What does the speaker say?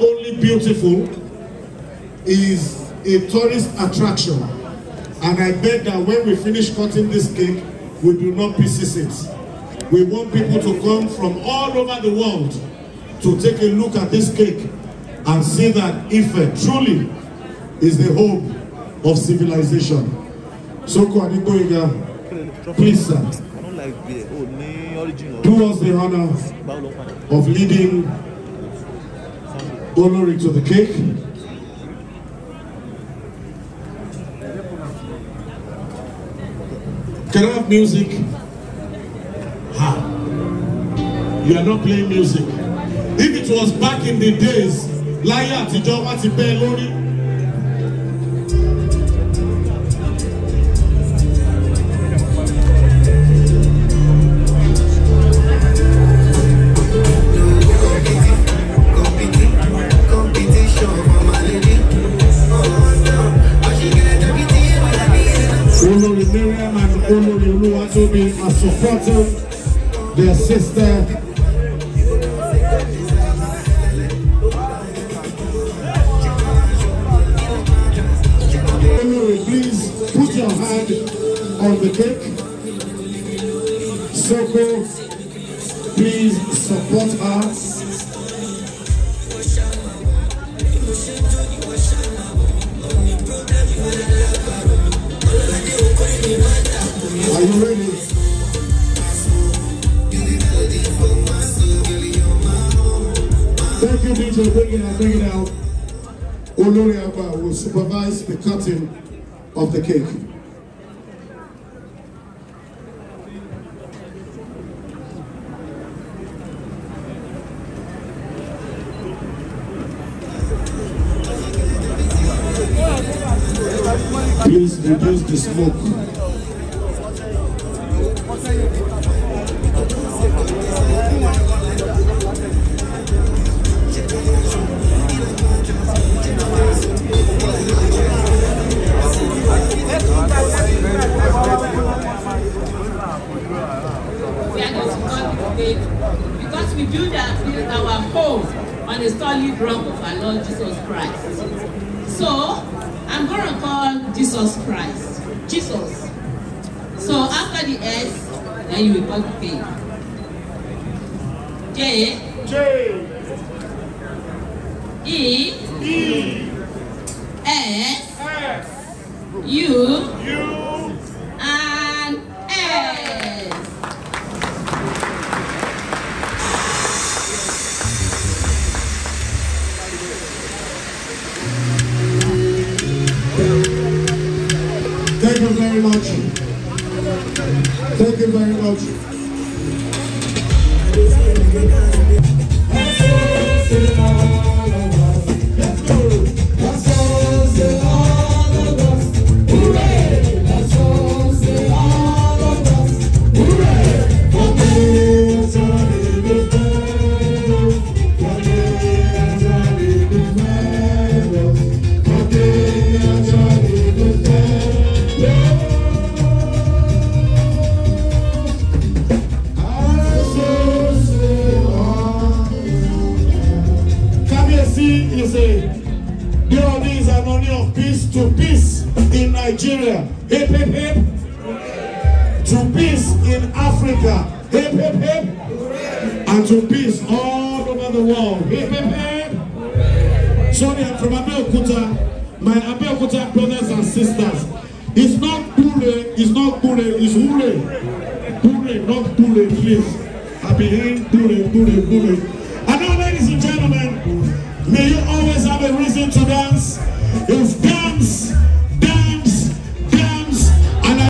only beautiful is a tourist attraction and I bet that when we finish cutting this cake we do not pieces it we want people to come from all over the world to take a look at this cake and see that Ife uh, truly is the hope of civilization Soko Adegoyiga please sir oh, do us the honor of leading Glory to the King. Can I have music? Ha. You are not playing music. If it was back in the days, liar to wá ti bẹ́ẹ̀ lórí. Olori Miriam and Olori Oluwatobi are supporting their sister. Olori, please put your hand on the cake. Soko, please support us. we're bringing and it out Olori Abba will supervise the cutting of the cake. Please reduce the smoke. that is our hope on the solid rock of our Lord Jesus Christ. So, I'm going to call Jesus Christ. Jesus. So, after the S, then you will call K. J. J. E. Thank you very much. Nigeria. Hip, hip, hip. To peace in Africa. Hip, hip, hip. And to peace all over the world. Hip, hip, hip. Sorry, I'm from Abeokuta. My Abeokuta brothers and sisters. It's not Bure, it's not Bure, it's Hure. Bure, not Bure, please. I've been hearing Bure, Bure, Bure.